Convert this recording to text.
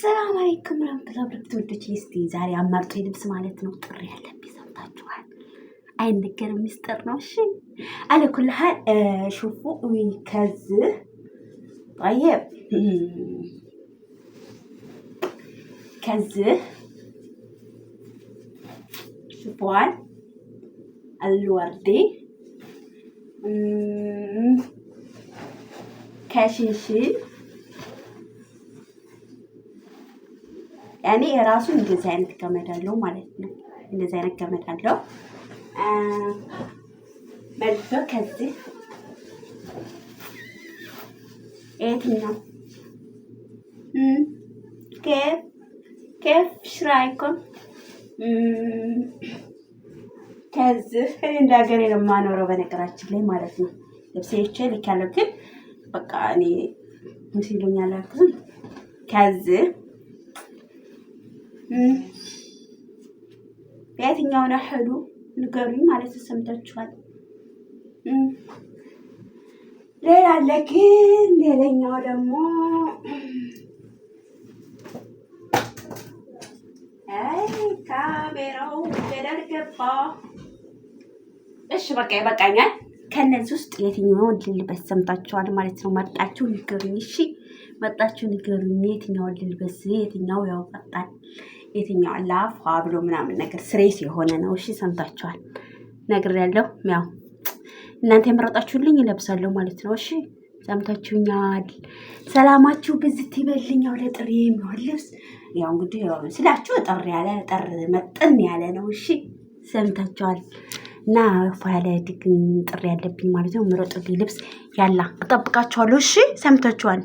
ሰላም አለይኩም ረምላ ብርክት ወዶች እስቲ ዛሬ አማርጦ ልብስ ማለት ነው ጥሪ ያለብኝ ሰምታችኋል። አይነገር ሚስጥር ነው። እሺ አለኩልሃል ሹፉ ከዚህ ጠይብ ከዚህ ሹፏል አልወርዴ ከሽንሽን እኔ የራሱ እንደዚህ አይነት ገመድ አለው ማለት ነው። እንደዚህ አይነት ገመድ አለው። መልሶ ከዚህ የትኛው ኬፍ ኬፍ ሽራይኮን ከዚህ እንደ ሀገሬ ነው የማኖረው በነገራችን ላይ ማለት ነው። ልብሴቼ ልክ ያለው ግን በቃ እኔ ምስሉኛ ላክዝም ከዚህ በየትኛው ነው ንገሩኝ ማለት ሰምታችኋል። ሌላ አለ ግን ሌላኛው ደግሞ አይ ካሜራው ገደል ገባ። እሺ በቃ ይበቃኛል። ከእነዚህ ውስጥ የትኛው ልልበት ሰምታችኋል ማለት ነው። መርጣችሁ ንገሩኝ እሺ። መጣችሁ ንገሩኝ። የትኛው ልልበስ? የትኛው ያው ቀጣል፣ የትኛው ላፏ ብሎ ምናምን ነገር ስሬስ የሆነ ነው። እሺ ሰምታችኋል፣ ነግሬያለሁ። ያው እናንተ የመረጣችሁልኝ ይለብሳለሁ ማለት ነው። እሺ ሰምታችሁኛል። ሰላማችሁ ብዝት ይበልኝ። ያው ለጥሪ የሚሆን ልብስ ያው እንግዲህ ስላችሁ ጠር ያለ ጠር መጠን ያለ ነው። እሺ ሰምታችኋል። እና ፋ ያለ ድግን ጥሪ ያለብኝ ማለት ነው። ምረጡልኝ ልብስ ያላ እጠብቃችኋለሁ። እሺ ሰምታችኋል።